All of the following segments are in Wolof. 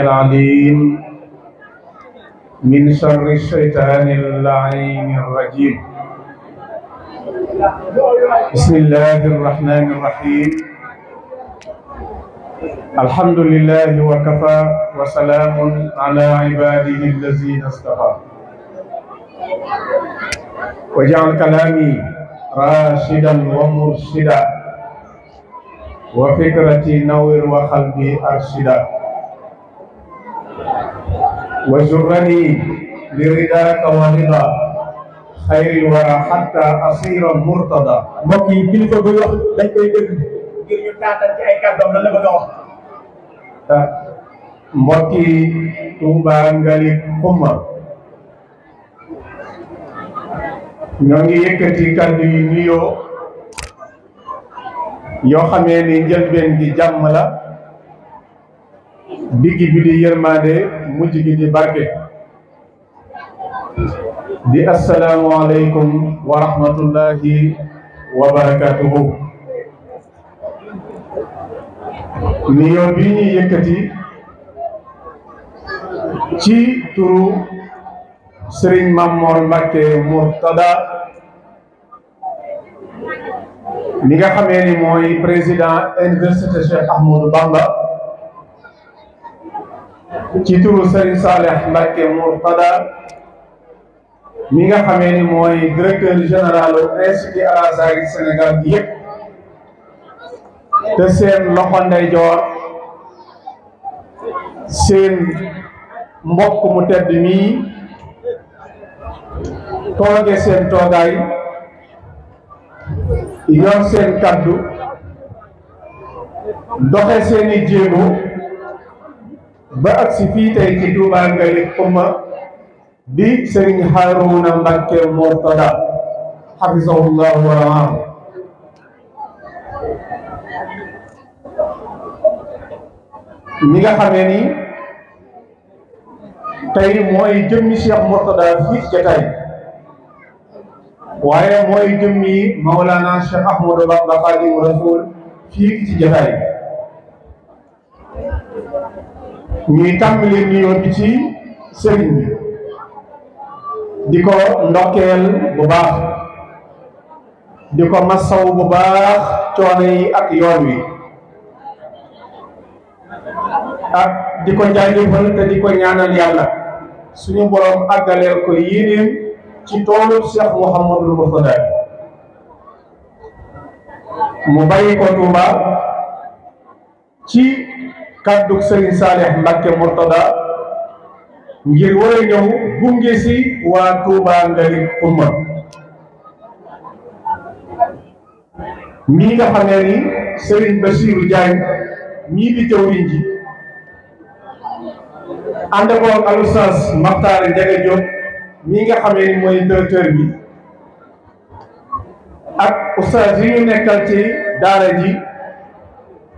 العليم من شر الشيطان اللعين الرجيم بسم الله الرحمن الرحيم الحمد لله وكفى وسلام على عباده الذين اصطفى وجعل كلامي راشدا ومرشدا وفكرتي نور وخلبي ارشدا وجرني برداك ورضا خير الورى حتى أصير مرتضى مكي كلفة بيوح لن يدن ngir ñu taatal ci ay kàddoom lan la bëgg a wax ah, mbokki Touba Ngali Xumma ñoo ngi yëkkati kàddu yu nuyoo yoo xamee ni njëlbeen gi jàmm la digg bi di yërmande mujj gi di barke di assalaamu aleykum wa rahmatullahi wa barakatuhu nuyoo bi ñuy yëkkati ci turu Sëriñ Mamor Mbàkke Murtada mi nga xamee ni mooy président université Cheikh Ahmadou Bamba ci turu Serigne Saleh Mbacke Mourtada mi nga xamee ni mooy directeur général institut Al-Azhar Sénégal bi te seen loxo ndeyjoor seen mbokk mu tedd mii tooge seen toogaay yor seen kaddu doxe seeni jéego ba ak si fii tey ci Touba Galek Ouma di Serigne Harouna Mbacké Mourtada hafizahullahu wa raahu mi nga ni tey mooy jëmmi Cheikh mooy jëmmi Maulana Cheikh fii ci jataay ñuy tàmbalee nuyoo bi ci sëriñ bi di ko ndokkeel bu baax di ko masaw bu baax coono yi ak yoon wi ak di ko jaajëfal te di ko ñaanal yàlla suñu borom àggaleel ko yéenéen ci toolu Cheikh Mouhamadul Mourtada mu bàyyi ko Touba ci kàddug sëriñ Saalih Mbàkke Murtada ngir war a ñëw gunge si waa Touba Ngalick Umma mii nga xamee ni sëriñ Basiiru Jaañ mii di jëwriñ ji ànd koog ak Oustaz Maxtaar Njaga Jóob mii nga xamee mooy directeur bi ak Oustaz yi ñu nekkal ci daara ji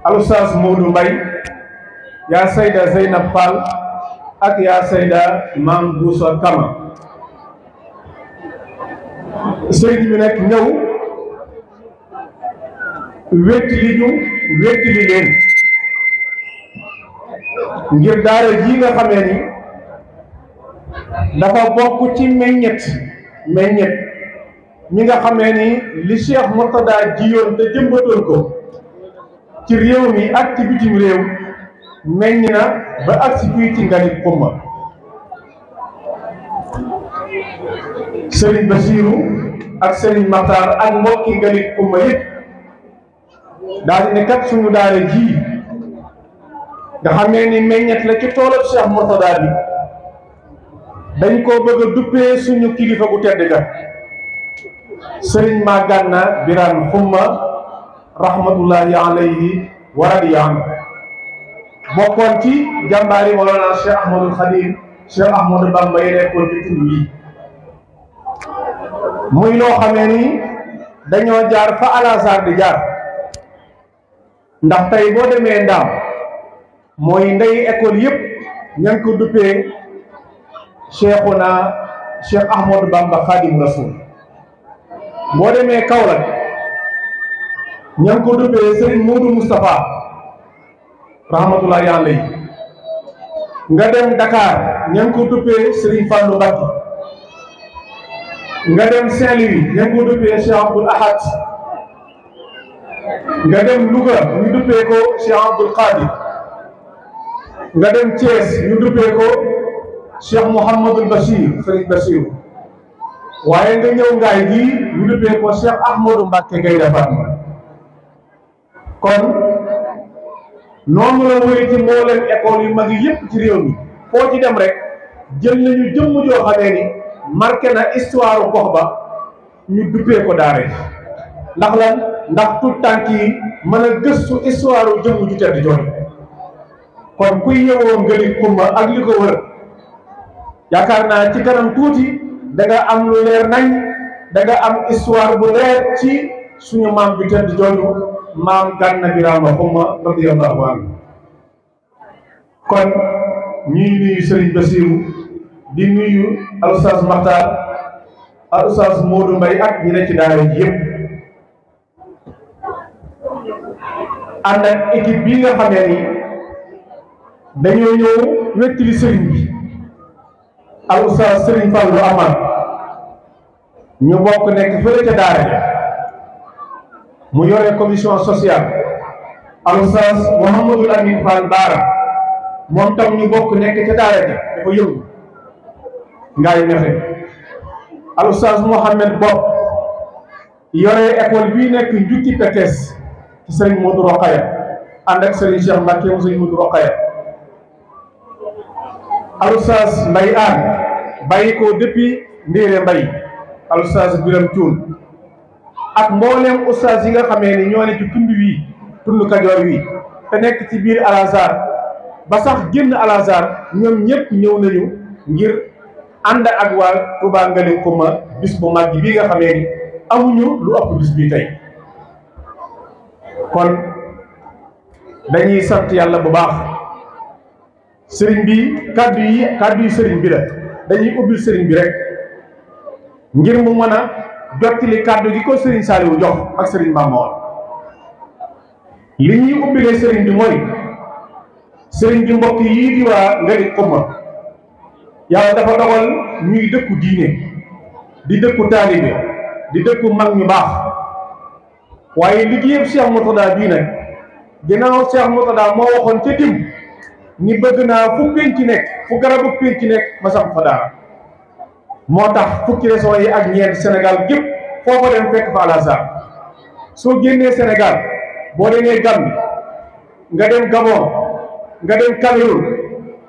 al Oustaz Moodu yaa sayda Zeynab Fall ak yaa sayda maam Kama sëriñ bi nag ñëw wéttali ñu wéttali leen ngir daara ji nga xamee ni dafa bokk ci meññet meññet ñi nga xamee ni li Cheikh Murtada jiyoon te jëmbatoon ko ci réew mi ak ci bitim réew meññ na ba ak si fii ci nganit kumba sëriñ basiru ak serigne matar ak mbokki nganit kumba yëpp daal di kat suñu daara ji da xamé ni meññet la ci tolo cheikh murtada bi dañ ko bëgg duppé suñu kilifa bu tedd ga serigne maganna biran khumma rahmatullahi alayhi wa radiyallahu anhu bokkoon ci jàmbaari Mawlana Cheikh Ahmadul Khadim Cheikh Ahmadou Bamba yi nekkoon ci tund yi muy loo xamee ni dañoo jaar fa Alasar di jaar ndax tey boo demee ndaam mooy ndey école yëpp ña ngi ko duppee Cheikhuna Cheikh Ahmadou Bamba Khadim Rasoul boo demee Kaolack ña ngi ko duppee Serigne Modou Moustapha rahmatullahi alayhi nga dem Dakar ñang ko duppé Serigne Fallou bakki nga dem Saint-Louis ñang ko duppé Cheikh Abdoul Ahad nga dem Louga ñu duppé ko Cheikh Abdoul Qadir nga dem Thiès ñu duppé ko Cheikh Mouhamadul Bachir Serigne Bachir waye nga ñew ngaay gi ñu duppé ko Cheikh Ahmadou Mbacke Gaïndé Fatma kon noonu la wëri ci mbooleem école yu mag yépp ci réew mi foo ci dem rek jël nañu jëm jo xamé ni marqué na histoire ko ba ñu duppé ko daaré ndax lan ndax tout tànk yi mën a histoire jëm ju tedd jooju kon ku yewoo ngëli kumba ak liko wër ci kanam tuuti da nga am lu leer nañ da nga am histoire bu leer ci suñu maam ju tedd maam Gana Birame Xuma radiyallahu anhu kon ñuy nuyu Serigne Bassirou di nuyu al Oustaz Makhtar al Oustaz ak ñi ne ci daara ji ak équipe bii nga xamee ni dañoo ñëw wettili Serigne bi al Oustaz Serigne Fallou Amar ñu bokk nekk fële ca daara mu yore commission sociale al oustaz Mouhamadul Amin Fall Baara moom tam ñu bokk nekk ca daara ja dafa yëngu ngaay nexe al oustaz Mouhamed Bopp yore école bii nekk njukki Pekes ci sëriñ Modou Rokhaya ànd ak sëriñ Cheikh Mbacke mu sëriñ Modou Rokhaya al oustaz Mbay Aan bàyyi ko depuis Ndiéré Mbay al oustaz Biram Thioune ak mboolem oustaz yi nga xamé ni ñoo ne ci tund wii tund kadior wi te nek ci bir Al-Azhar ba sax genn Al-Azhar nañu ngir anda ak waa ko ma bis bu mag bi nga xamé ni amuñu lu upp bis bi tay kon dañuy sant yalla bu baax serigne bi kaddu yi kaddu serigne bi la dañuy ubbil serigne bi rek ngir mu mëna jottali kàddu gi ko Serigne Saliou jox ak Serigne Mamor li ñuy ubbile Serigne bi mooy Serigne bi mbokk yii di waa Ngari Kumba yàlla dafa dogal ñuy dëkku diine di dëkku taalibe di dëkku mag ñu baax waaye liggéeyam Cheikh Mourtada bii nag ginnaaw Cheikh Mourtada moo waxoon ca tim ñi bëgg naa fu pénc nekk fu garabu ci nekk ma sam fa moo tax fukki région yi ak ñeent Sénégal gépp foofa dem fekk fa al soo génnee Sénégal boo demee Gambie nga dem Gabon nga dem Cameroun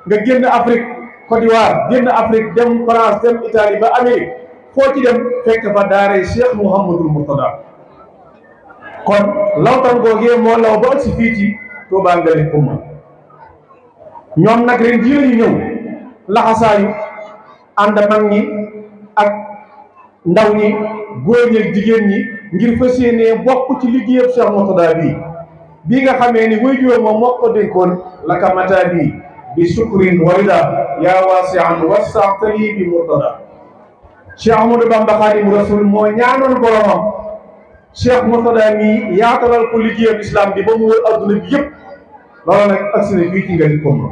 nga génn Afrique Côte génn Afrique dem France dem Italie ba Amérique foo ci dem fekk fa daaray Cheikh Mouhamadul Mourtada kon lawtan googee moo law ba si fii ci Touba Ngale Kouma ñoom nag ren jii la ñu laxasaayu ànd mag ñi ndaw ñi góor ñi jigéen ngir fas yéenee bokk ci liggéeyam Cheikh Mourtada bii bii nga xamee ni waajur moom moo ko dénkoon laka mataa bi sukrin wayda yaa waasian wasaxtali bi Mourtada Cheikh Ahmadou Bamba Xaadimu Rasul moo ñaanoon boromam Cheikh Mourtada mii yaatalal ko liggéeyam islam bi ba mu wër adduna bi yëpp loolu nag agsi na fii ci ngari komma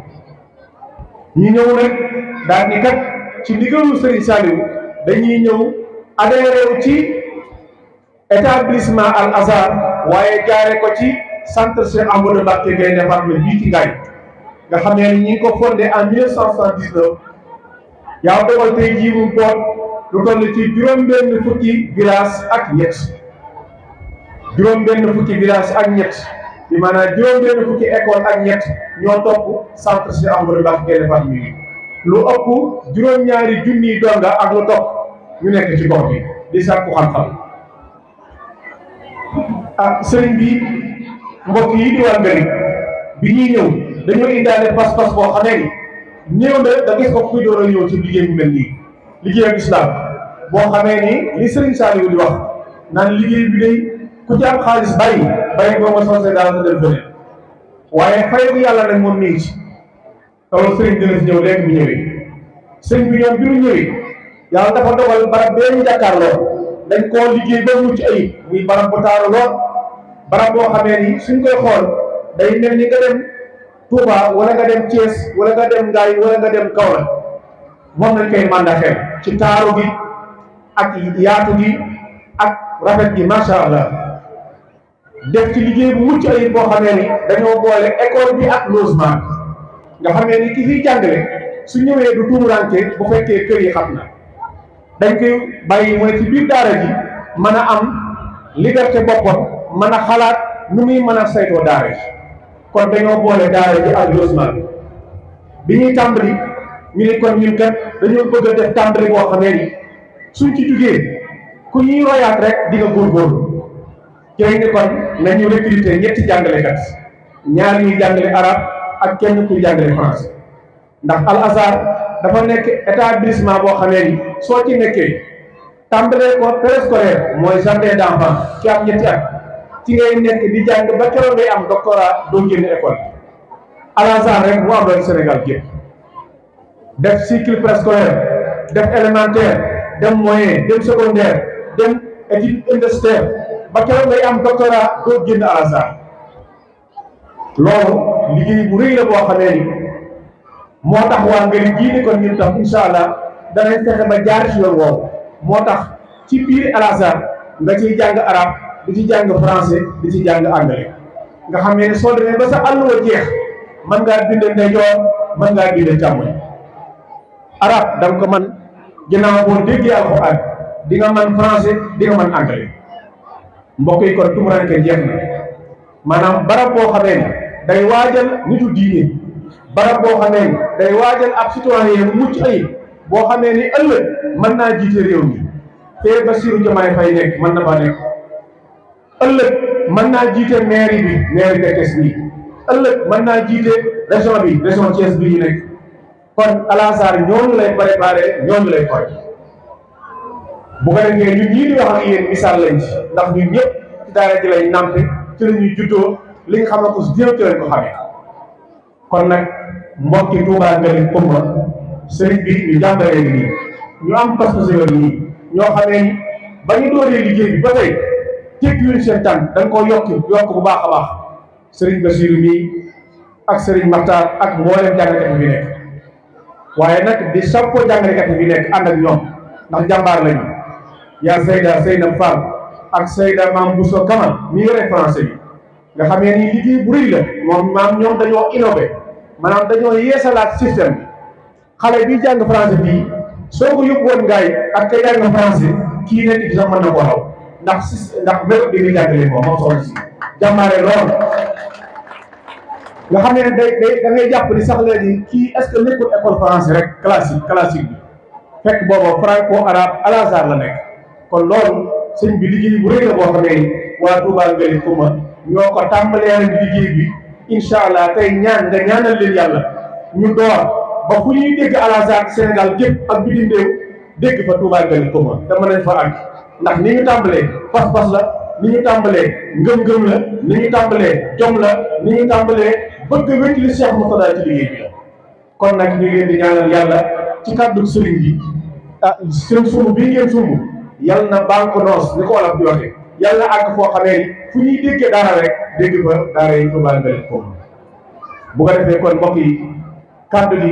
ñu ñëw nag daal ci ndigalu Serigne Saliou dañuy ñëw Ada wu ci établissement Al Azhar waaye jaare ko ci centre Cheikh Amadou Mbacké Gaïndé Fatma bii ci Ngaye nga xam ne ñi ngi ko fondé en 1979 yaa dogal tey jii mu boot lu toll ci juróom-benn fukki village ak ñett juróom-benn fukki village ak ñett bi maanaam juróom-benn fukki école ak ñett ñoo centre Cheikh Amadou lu ëpp juróom-ñaari junniy donga ak lu ñu nekk ci gox bi di sàkku xam-xam ah sëriñ bi mbokk yi di war ngari bi ñuy ñëw dañoo indaale pas-pas boo xamee ni ñëw na da gis ko kuy door a ci liggéey bu mel nii liggéey ak boo xamee ni li sëriñ Saliou di wax naan liggéey bi day ku ci xaalis bàyyi bàyyi boo ma soosee daal sa dem feneen waaye fay bu yàlla nag moom nii ci loolu sëriñ dina si ñëw léegi bu ñëwee sëriñ bi ñoom bi ñu ñëwee yàlla dafa dogal barab bee ñu jàkkaarloo dañ koo liggéey ba mucc ayib muy barab bu taaru lool barab boo xamee ni suñ koy xool day mel ni nga dem Touba wala nga dem Thiès wala nga dem Ngaye wala nga dem Kaolack moom lañ koy mandaxee ci taaru gi ak yaatu gi ak rafet gi macha allah def ci liggéey bu mucc ayib boo xamee ni dañoo boole école bi ak logement nga ni ki fiy jàngale su ñëwee du tuumurante bu fekkee kër yi xam na. dañ koy bàyyi mooy ci biir daara ji mën a am liberté boppam mën a xalaat nu muy mën a saytoo daara ji kon dañoo boole daara ji ak logement bi ñuy tàmbali ñu ne kon ñun kat dañoo bëgg a def tàmbali boo xamee ni suñ ci jugee ku ñuy royaat rek di nga góorgóorlu jooy ni kon nañu recruter ñetti jàngalekat ñaar ñuy jàngale arab ak kenn kuy jàngale français ndax al dafa nekk établissement boo xamee ni soo ci nekkee tàmbalee ko préscolaire mooy jardin d'enfant ci am ñetti at ci ngay nekk di jàng ba keroog ngay am doctorat doo génn école loolu liggéey bu rëy boo xamee ni moo tax waa ngari jii ni kon ñun tam incha allah danañ fexe ba jaar ci yoon woowu moo tax ci biir Al nga ciy jàng arab di ci jàng français di ci jàng anglais nga xam ne soo demee ba sa àlluwa jeex mën ngaa bind ndeyjoor mën ngaa bind càmmoñ arab da nga ko man ginnaaw boo déggee alxuraan di nga man français di nga man anglais mbokk yi kon jeex na maanaam barab boo xamee ne day waajal nitu diine barab boo xamee ni day waajal ab citoyen bu mucc ayib boo xamee ni ëllëg mën naa jiite réew mi fee Bassirou Diomaye Faye nekk mën na faa nekk ëllëg mën naa jiite mairie bi mairie de Thiès ëllëg mën naa jiite région bi région Thiès bi ñu nekk kon Alassane ñooñu lay préparé ñooñu lay fay bu ko defee ñun wax ak yéen misaal lañ ci ndax ñun ñëpp ci daara ji lay nampe ci la ñuy juddoo li xam na ko su jéem ci lañ ko xamee kon nag mbokki Touba Ngale Kumba sëriñ bi ñu jàmbalee ñu am pas ñoo xamee ni ba ñu doolee liggéey bi ba tey tekkiwuñ seen bu baax a baax sëriñ Basiru mii ak sëriñ Maxtaar ak mboolem jàngalekat bi nekk nag di sappoo jàngalekat bi nekk ànd ak ñoom ndax jàmbaar lañu yaa Seyda ak Seyda Maam Bousso Kama mii yore français bi nga xamee ni liggéey bu rëy la moom maam ñoom dañoo innové maanaam dañoo yeesalaat système bi xale bi jàng français bii soo ko yóbbuwoon ngaay ak kay jàng français kii nekk ci sax mën na ko ndax si ndax méthode bi nga jàngalee moom moom soxna si jàmmaare lool nga xam ne day day da ngay jàpp ni kii est ce que nekkul école français rek classique classique bi fekk booba franco arabe al azhar la nekk kon loolu sëñ bi liggéey bu rëy boo xamee waa Touba Ngéli Kouma ñoo ko tàmbalee rek liggéey bi. incha allah tey ñaan nga ñaanal leen yàlla ñu door ba fu dégg Al Sénégal gépp ak bitim réew dégg fa Touba Galil te mën nañ fa ndax ni ñu tàmbalee pas-pas la ni ñu tàmbalee ngëm-ngëm la ni ñu tàmbalee jom la ni ñu tàmbalee bëgg wékk li Cheikh Mourtada ci liggéey bi la kon nag ñu ngi leen di ñaanal yàlla ci kàddu sëriñ bi ah seen sumb bii ngeen sumb yàlla na banque noos ni ko wolof di waxee yàlla àgg foo xamee ni fu ñuy déggee daara rek dégg ba daara yi ñu baal nga ko bu ko defee kon mbokk yi kàddu gi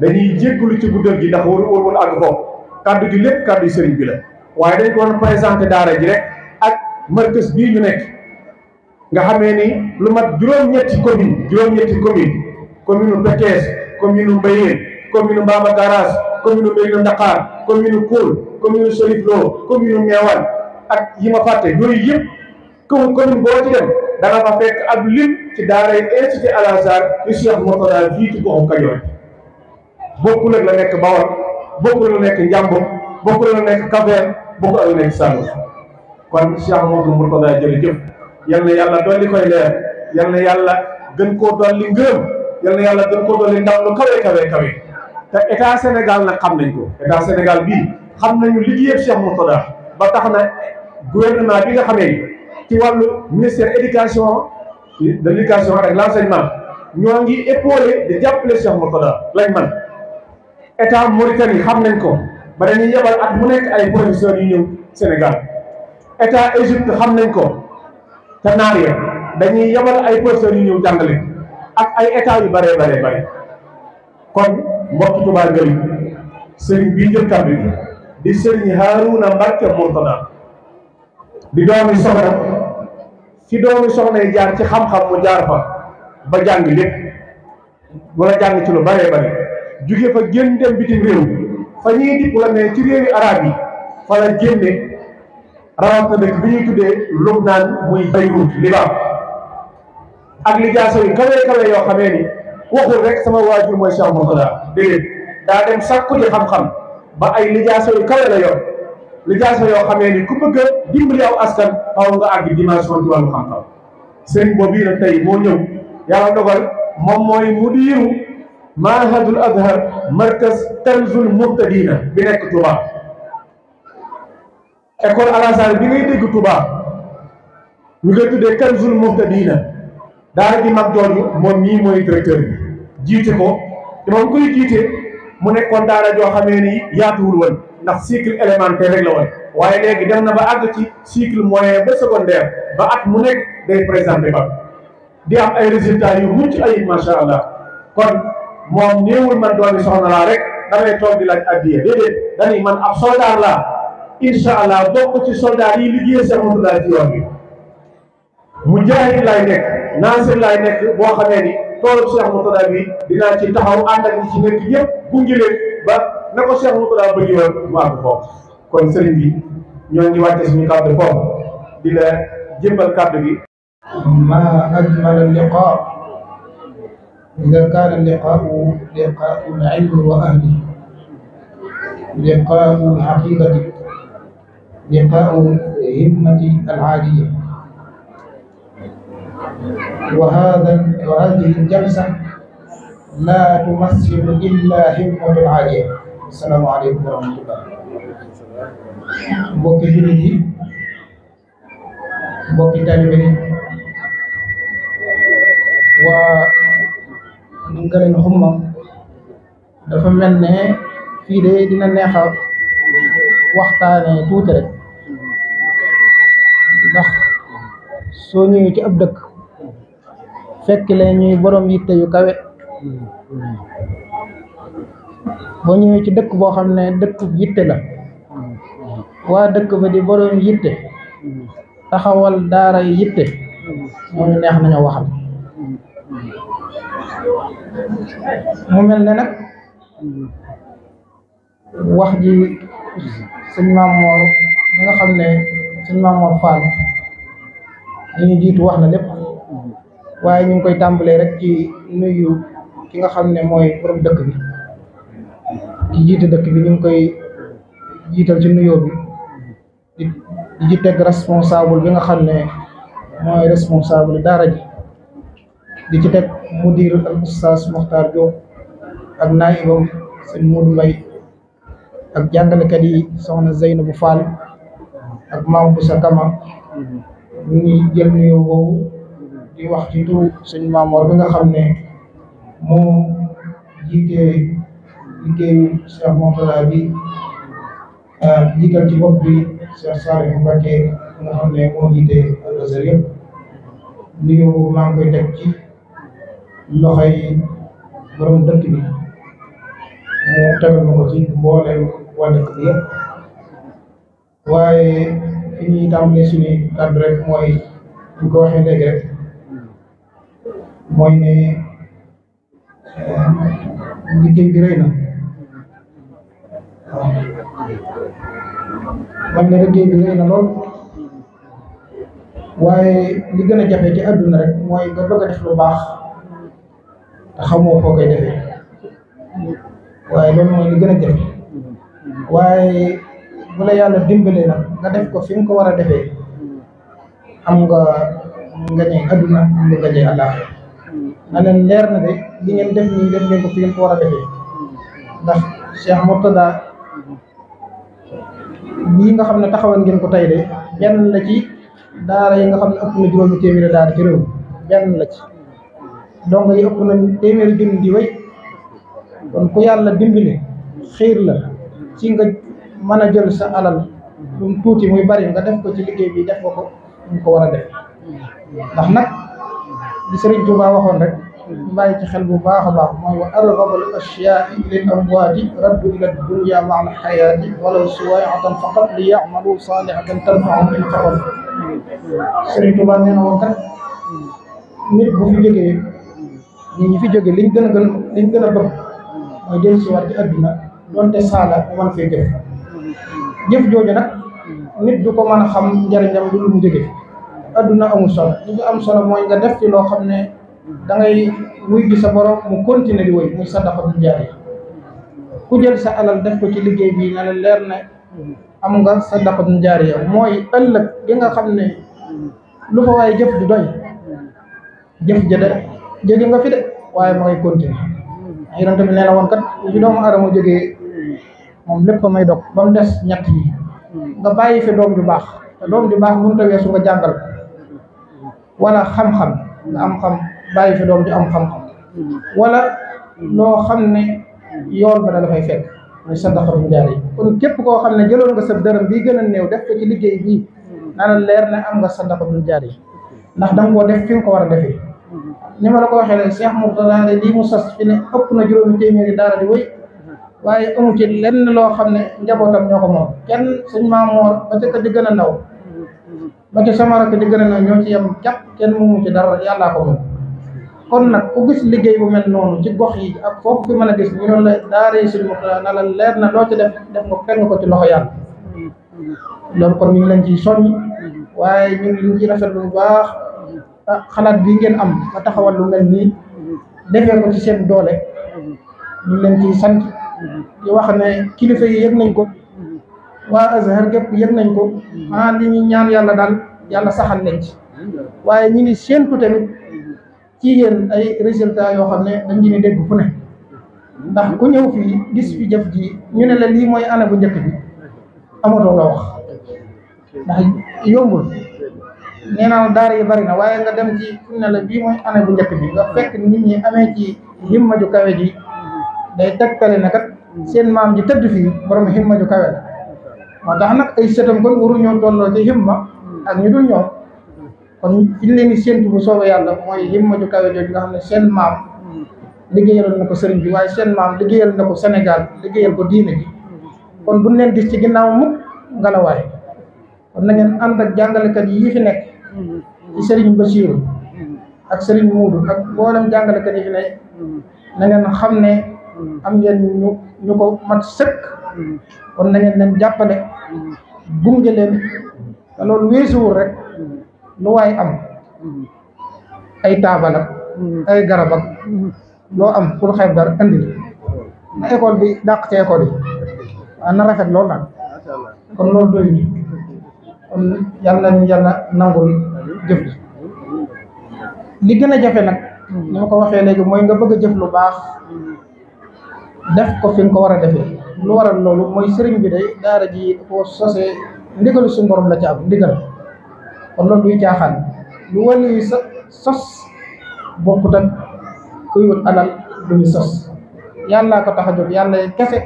dañuy jéggulu ci guddal gi ndax waru warul àgg foofu kàddu gi lépp kàddu sëriñ bi la waaye dañ ko doon présenté daara ji rek ak markës bii ñu nekk nga xamee ni lu mat juróom-ñetti commune juróom-ñetti commune commune u Pekes commune u Mbayeen commune u Mbamba Garage commune u Mérina Dakhar commune ak yi ma fàtte yooyu yëpp comme commune boo ci dem dana fa fekk ab lim ci daaray institut Al Azhar yu Cheikh Mourtada fii ci goxu Kajoor bokkul ak la nekk Bawol bokkul la nekk Njàmbur bokkul la nekk Kafeen bokkul la nekk Sàmm kon Cheikh Modou Mourtada jërëjëf yal na yàlla dolli koy leer yal yàlla gën koo dolli ngërëm yal na yàlla gën koo dolli ndam lu kawe kawe kawe te état Sénégal nag xam nañ ko état Sénégal bii xam nañu liggéeyam Cheikh Mourtada ba tax na gouvernement bi nga xamee ci wàllu ministère éducation de l'éducation ak l'enseignement ñoo ngi épaulé di jàppale Cheikh Mourtada lañ man état yi xam nañ ko ba dañuy yebal ak mu nekk ay professeurs yu ñëw Sénégal état Égypte xam nañ ko te naaree dañuy yebal ay professeurs yu ñëw jàngale ak ay état yu bëree bëree bëri kon mbokk Touba Ngëri sëriñ bii njëkk kàddu bi di sëriñ Harouna Mbacke Mourtada di doomi soxna fi soxna yi jaar ci xam-xam mu jaar fa ba jàng lépp wala jàng ci lu bëree bëri jóge fa génn dem bitim réew fa ñuy diplômé ci réewi arab yi fa la génne rawat na dëkk bi ñuy tuddee Lubnaan muy Beyrouth Liban ak li jaasoo yu kawee kawee yoo xamee ni waxul rek sama waajur mooy Cheikh Mourtada déedéet daa dem sàkku ji xam-xam ba ay lijaasoo yu la yor lijaasa yoo xamee ni ku bëgg a dimbali aw askan xaw nga àgg dimension ci wàllu xam-xam sëriñ boobu tey moo ñëw yàlla dogal moom mooy mudiiru mahadul azhar markaz tanzul muhtadina bi nekk Touba école Al bi ngay dégg Touba ñu koy tuddee tanzul muhtadina daara ji mag jooju moom ñii mooy directeur bi jiite ko te moom koy jiite mu nekkoon daara joo xamee ni yaatuwul woon ndax cycle élémentaire rek la woon waaye léegi def na ba àgg ci cycle moyen ba secondaire ba at mu nekk day présenté ba di am ay résultats yu mucc ayib macha allah kon moom néewul man doon soxna laa rek damay toog di laaj addiya déedéet dañuy man ab soldat laa incha allah bokk ci soldat yi liggéey Cheikh Mountakha ci yoon bi mu jaahid lay nekk. ناصر لاي نيك بو خامي ني تورو شيخ مرتضى بي دينا سي تاخاو اندك سي نيك ييب غونجيل با نكو شيخ مرتضى بيغي وون ما بو كون سيرين بي نيون دي واتي سي كاد فوم دي لا جيبال كاد بي ما اجمل اللقاء اذا كان اللقاء لقاء العلم واهله لقاء الحقيقه لقاء همتي العاديه وهذا وهذه الجلسة لا تمثل إلا همة العالية السلام عليكم ورحمة الله بوكي جلدي بوكي تالبي و نقلن هم دفن في دي دينا نيخا waxtaane tuut rek ndax soo fekk leen borom yitte yu kawe boo ñëwee ci dëkk boo xam ne dëkk yitte la waa dëkk ba di borom yitte taxawal daara yitte moom neex nañoo waxal mu mel ne nag wax ji sëñ Maam Moor mi nga xam ne sëñ Maam Moor Fall li ñu jiitu wax na lépp waaye ñu ngi koy tàmbalee rek ci nuyu ki nga xam ne mooy borom dëkk bi ci jiite dëkk bi ñu ngi koy jiital ci nuyoo bi di di ci teg responsable bi nga xam ne mooy responsable daara ji di ci teg mudir al oustaz Mokhtar Diop ak naibam sëñ Modou Mbaye ak jàngalekat yi soxna Zeynabu Fall ak maam Boussa Kama mm-hmm. ñu ngi jël nuyoo boobu di wax ci tur sëñ Maamoor bi nga xam ne moo jiite liggéeyu Cheikh Mourtada bi ah, jiital ci bopp bi Cheikh sa Mbacké nga xam ne moo jiite Al Azhar yëpp nuyoo boobu maa ngi koy teg ci loxoy borom dëkk bi mu tegal ma ko ci mboolem waa dëkk bi waaye fi ñuy tàmbalee suñu kàddu mooy bu ko mooy ne liggéey eh, bi na waaw mooy ne liggéey na lool waaye li gën a jafe ci àdduna rek mooy nga bëgg a def lu baax te xamoo foo koy defee waaye loolu mooy li gën a jafe waaye bu la yàlla dimbalee nag nga def ko fi ko war a defee xam nga nga ñëw àdduna am nga ñëw àllaaxira na leer na de di ngeen def nii def ngeen ko fi ngeen ko war a defee ndax Cheikh Murtada lii nga xam ne taxawal ngeen ko tey de benn la ci daara yi nga xam ne ëpp na juróomi téeméeri daara ci réew benn la ci donc yi na téeméeri junni di wéy kon ku yàlla dimbali xiir la ci nga mën a jël sa alal lu mu tuuti muy bari nga def ko ci liggéey bi def ko ko ñu ko war a def ndax nag di Sëriñ Tuubaa waxoon rek bàyyi ci xel bu baax a baax mooy wa argabal asyaai lil amwaati raddu ila dunya maa al xayaati walaw suwaatan faqat li yamalu saalihatan tanfaahum in taqoon Sëriñ Tuubaa nee na woon kat nit bu fi ni ñi ñu fi jógee liñ gën a gën liñ gën a bëgg mooy jël si waat ci àdduna donte saala man fee jëf jëf jooju nag nit du ko mën a xam njëriñam lu mu jógee adduna amul solo li ñu am solo mooy nga def ci loo xam ne da ngay wuy gi sa borom mu continuer di wéy muy sadaqa du ku jël sa alal def ko ci liggéey bi la leer ne am nga sadaqa du jaariya mooy ëllëg gi nga xam ne lu fa waaye jëf du doy jëf ja de nga fi de waaye mooy ngay continuer yonent bi nee na woon kat fi doomu aadama jógee moom lépp may dog ba mu des ñett yi nga bàyyi fi doom ju baax te doom ju baax mënut a weesu nga jàngal wala xam-xam nga am xam bàyyi fi doom ju am xam-xam wala noo xam ne yool ba da dafay fekk muy sadaqatul jaariya yi kon képp koo xam ne jëloon nga sa dërëm bi gën a néew def ko ci liggéey bii naan leer ne am nga sadaqatul jaariya yi ndax da nga def fi nga ko war a defee ni ma la ko waxee la Cheikh Mourtada de lii mu sas fi ne ëpp na juróomi téeméeri daara di wéy waaye amu ci lenn loo xam ne njabootam ñoo ko moom kenn suñ maamoor a jëkk ka di gën a naw ba ci sama rakk di gën a ñoo ci yem jàpp kenn moomu ci dara yàllaa ko moom kon nag ku gis liggéey bu mel noonu ci gox yi ak foofu fi mën a gis ñu doon la daaree suñu na la leer na loo ci def def nga fekk nga ko ci loxo yàlla loolu kon ñu ngi leen ciy soññ waaye ñu ngi ñu ci rafetlu bu baax ah, xalaat bi ngeen am ba taxawal lu mel nii defee ko ci seen doole ñu ngi leen ciy sant di wax ne kilifa yi yëg nañ ko. waa Azhar gépp yëg nañ ko hmm. ah li ñaan yàlla daal yàlla saxal leen waaye ñu ngi séentu tamit ci yéen ay résultats yoo xam ne dañ ñu ne dégg ndax ku ñëw fii gis fi jëf ji ñu ne la lii mooy année bu njëkk bi amatoo la wax ndax yombul nee yi bari na waaye nga dem ci fu ne la bii mooy année bu njëkk bi nga fekk nit ñi amee ci himma ju kawe ji hmm. day tegtale na kat hmm. seen maam ji tëdd fii borom himma ju kawe moo tax nag ay sëtam ñoo waruñoo tolloo ci himma ak ñu dul ñoom kon fi ñu leen di séntu bu soobee yàlla mooy himma ju kawe jooju nga xam ne seen maam ko sëriñ bi waaye seen maam liggéeyal na ko Sénégal liggéeyal ko diine kon buñ leen gis ci ginnaaw mukk ngalawaay kon na ngeen ànd ak jàngalekat yi fi nekk ci sëriñ ak sëriñ Muudu ak mboolem jàngalekat yi fi nekk na xam ne am ngeen ñu ñu ko mat sëkk kon na ngeen jàppale gunge leen te loolu weesuwul rek lu waay am ay taabal ay garab ak loo am pour xeeb dara andi na école bi dàq ci école yi waaw na rafet loolu nag kon loolu doy ni kon yàlla nañu yàlla nangul jëf li gën a jafe nag ni ma ko waxee léegi mooy nga bëgg a jëf lu baax def ko fi ko war a defee lu waral loolu moy serigne bi day dara ji ko sosé ndigal suñu borom la ci am ndigal kon loolu duy jaxal lu wani sos bokku tak kuy wut alal lu ñu sos yalla ko tax yalla kesse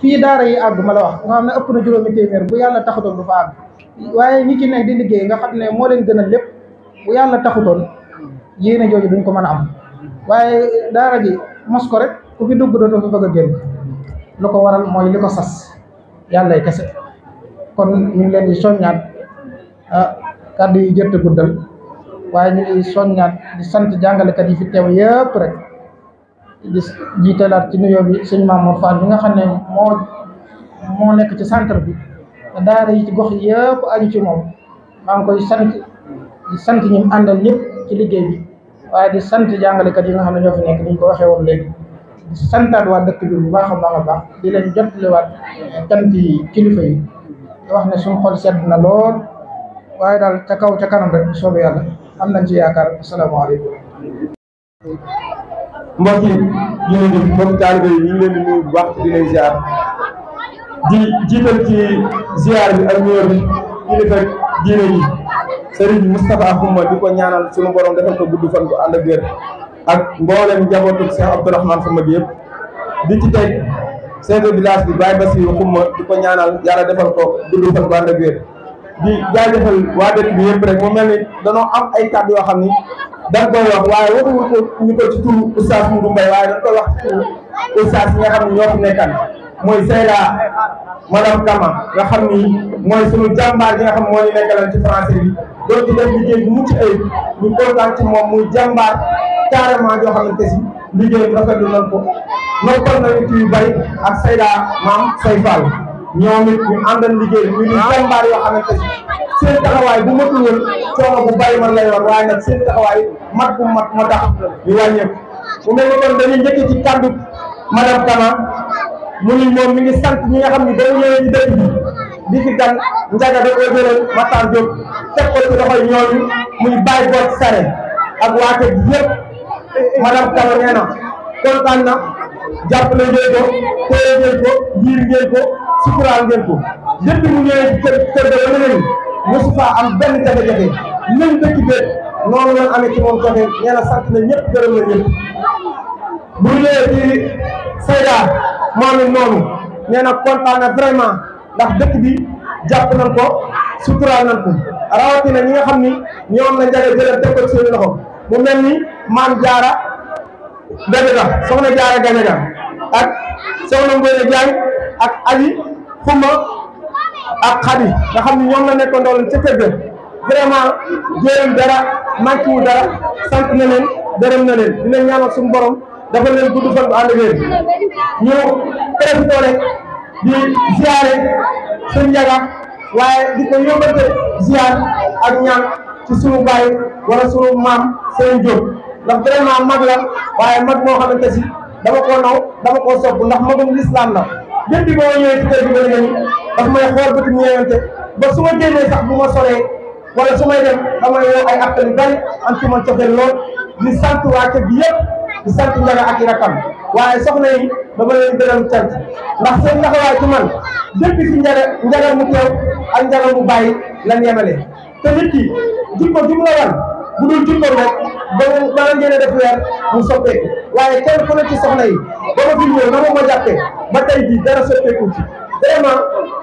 fi dara yi ag mala wax nga xamne ëpp na juroomi téeméer bu yalla taxutoon du fa àgg waye ñi ci nekk di liggéey nga xamne mo leen gëna lepp bu yalla taxutoon yéene jooju duñ ko mëna am waye dara ji mos ko rek ku fi dugg do dootoo fa bëgg a lu ko waral mooy li ko sas yàllay kese kon ñu ngi leen di soññaat ah kàddu yi jëtt guddal waaye ñu ngi soññaat di sant jàngalekat yi fi teew yëpp rek di jiitalaat ci nuyoo bi sëñ Mamour Fall bi nga xam ne moo moo nekk ci centre bi te daara yi ci gox yëpp aju ci moom maa ngi koy sant di sant ñi àndal ñëpp ci liggéey bi waaye di sant jàngalekat yi nga xam ne ñoo fi nekk ni ñu ko waxee woon léegi santaat waa dëkk bi bu baax a baax a baax di leen jotliwaat cant yi kilifa yi wax ne suñu xol sedd na lool waaye daal ca kaw ca kanam rek soobee yàlla am nañ ci yaakaar asalaamaaleykum mbokk yi jërëjëf mbokk taalibe yi ñu di nuyu bu baax di leen di jiital ci ziar bi ak nuyoo bi kilifa diine ko ñaanal suñu borom defal ko gudd fan bu ànd ak ak mbolam jabotou Cheikh abdourahman Xuma gi yëpp di ci teg cheikh de village bi Baye Bassirou Xuma di ñaanal yalla defal ko dundu fan bu ànd ak di jajeufal wa dekk bi yëpp rek mo melni dañu am ay kàddu yo xamni da dañ koy wax waaye waxuñu ko ñu ko ci tour oustaz mudou mbay waaye da koy wax ci oustaz nga xamni ñoo fi Seyda madame Kama nga xamni moy suñu jambar gi nga xam moo ñu nekkalan ci français bi do ci dem liggéey mucc ay ñu kontaan ci mom muy jambar carrément joo xamante si liggéeyam rafetlu nañ ko noppal na nit yu bari ak Sayda maam Say Fall ñoom it ñu àndal liggéey ñu ngi jàmbaar yoo xamante si seen taxawaay bu matul woon bu bari man la yor waaye nag seen taxawaay mat bu mat ma tax ñu wàññeeku mu mel ni kon dañuy njëkk ci kàddu madame Kama mu ngi moom mi ngi sant ñi nga xam ne dañu ñëwee ñu dëkk bi di fi gan njaga da koo jëlal Matar Diop teg ko ci loxoy muy bàyyi boot sare ak waa kër gi madame Talla nee na kontaan na jàppale ngeen ko téye ngeen ko yiir ngeen ko suturaal ngeen ko depuis mu ñëwee ci kër kër ga nee na sant na ñëpp gërëm na ñëpp. bu ñu ñëwee ci Seyda moom noonu nee na vraiment ndax dëkk bi jàpp nañ ko suturaal nañ rawatina ñi nga xam ni ñoom la njëriñ jëlee teg ko ci loxo mu mel maam jaara Gajaga soxna jaara Gajaga ak soxna Ngoone Jaay ak aji xuma ak xadi nga xam ni ñoom la nekkoon doon ca kër ga vraiment jéem dara manqué wu dara sant na leen gërëm na leen dina ñaanal borom dafa leen gudd fan bu ànd ngeen ñu profité rek di ziare suñu njaga waaye di ko yóbbante ziar ak ñaan ci suñu baay wala suñu maam seen Jóob ndax vraiment mag la waaye mag moo xamante si dama koo naw dama koo sopp ndax magum lislaam la depuis bi ma ñëwee ci kër gi ba léegi daf may xool ma génnee bu ma soree wala su may dem damay woo ay appel yu bari am ci sant waa kër gi yëpp di sant njaga ak i rakam waaye soxna yi dama leen gërëm cant ndax seen taxawaay ci man depuis si njaga njaga mu teew ak njaga mu bàyyi lan yemale te nit ki mu la wan bu dul jikko rek ba mu bala ngeen a def weer mu soppeeku waaye kenn ku ne ci soxna yi ba ma fi na ma ma jàppee ba tey jii dara soppeeku ci vraiment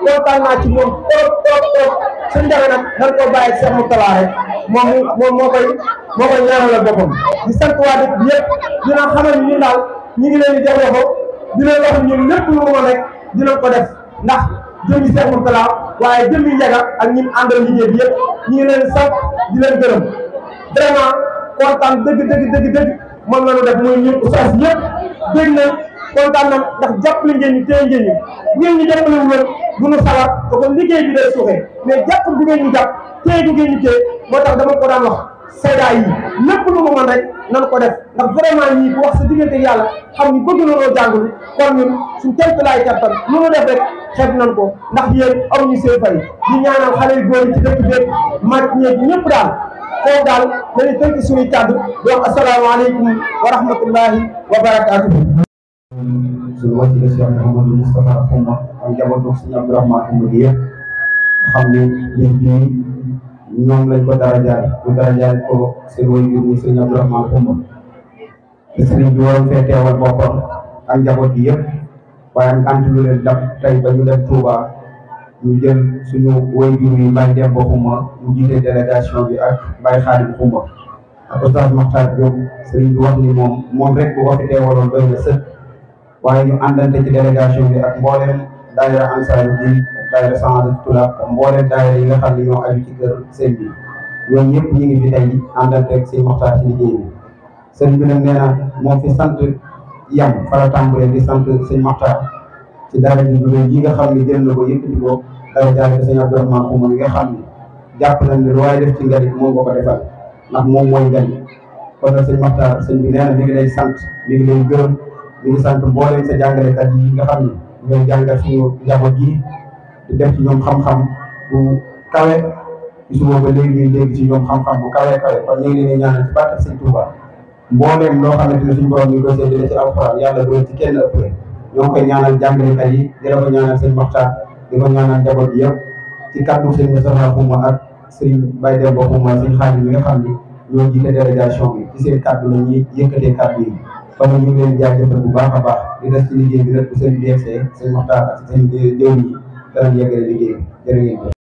kontaan naa ci moom trop trop trop suñu jafe nag man koo bàyyi Cheikh Moutala rek moom moom moo koy moo koy ñaanal di sant waa dëkk bi yëpp xamal ñu daal ñu ngi di jox loxo dina wax ñun lépp lu mu rek dina ko def ndax jëmmi Cheikh Moutala waaye jëmmi Ndiaga ak ñi mu àndal liggéey bi yëpp ñu ngi leen sant di leen gërëm vraiment. kontaan dëgg dëgg dëgg dëgg moom la na kontaan na ndax jàppale ngeen ñu téye ngeen ñu ngeen ñu jàppale wu leen du ñu salat te kon liggéey bi day suuxee mais jàpp bi ngeen ñu jàpp téye bi ngeen ñu téye moo tax dama ko daan wax saydaa yi lépp lu mu mën ko def ndax vraiment ñii bu wax sa diggante yàlla xam ni bëgg na loo jàngul kon ñun suñ tënk laay kattan lu mu def rek ko ndax yéen amuñu seen fay di ñaanal xale yu góor ñëpp daal foofu daal dañuy tënk suñuy kàddu donc asalaamaaleykum wa rahmatullahi wa Barakatuh. suñu wàcc la Cheikh Mouhamadou Moustapha Ouma ak njabootu suñu Abdourahmane Ouma gi yëpp ñi ñoom lañ ko dara jaay ñu dara jaay ko seen way bi muy sëñ Abdourahmane Ouma te bi am lu leen dab ba ñu Touba ñu jël suñu waajur yi Baye Demba Xuma mu jiite délégation bi ak Baye Xaadim Xuma ak Oustaz Makhtar Diop sëriñ bi wax ni moom rek bu ko fi teewaloon doy na sët waaye ñu àndante ci délégation bi ak mboolem daayira Ansaar bi daayira Sahadatul Tulab mboolem daayira yi nga xam ne ñoo aju ci kër sëñ bi ñoom ñu ngi fi tey àndante ak sëñ Makhtar ci liggéey bi sëriñ bi nag nee fi sant yam fara tàmbale di sant sëñ Makhtar ci daara ji ji nga xam ne jël na ko yëkkati ko dara jaar ci sëñ Abdourahmane Xuma mi nga xam ne jàpp nañ ne lu waay def ci ngarit moom nga ko defal ndax moom mooy gan kon nag sëñ Maxtaar sëñ bi nee na mi ngi sant mi ngi lay gërëm mi ngi sant mbooleem sa jàngalekat yi nga xam ne ñooy jàngal suñu njaboot yi di def ci ñoom xam-xam bu kawe gisuma ba léegi ñuy dégg bu kawe kawe kon ñu ngi leen di ñaanal ci barke sëñ ne suñu borom ñu doon seetlu ci alxuraan yàlla doon ci kenn ëppale ñoo ngi koy ñaanal jàngalekat yi di la ko ñaanal sëñ Maxtaar di ko ñaanal njaboot bi yëpp ci kàddu sëñ Moustapha Xuma ak sëñ Baye Demba Xuma sëñ Xaadim mi nga xam ni ñoo jiite délégation bi ci seen kàddu la ñuy yëkkatee kàddu yi kon ñu ngi leen jaajëfal bu baax a baax di def ci liggéey bi rek bu sëñ bi yegsee sëñ Moxtaar ak sëñ jëw yi danañ yeggale liggéey bi jërë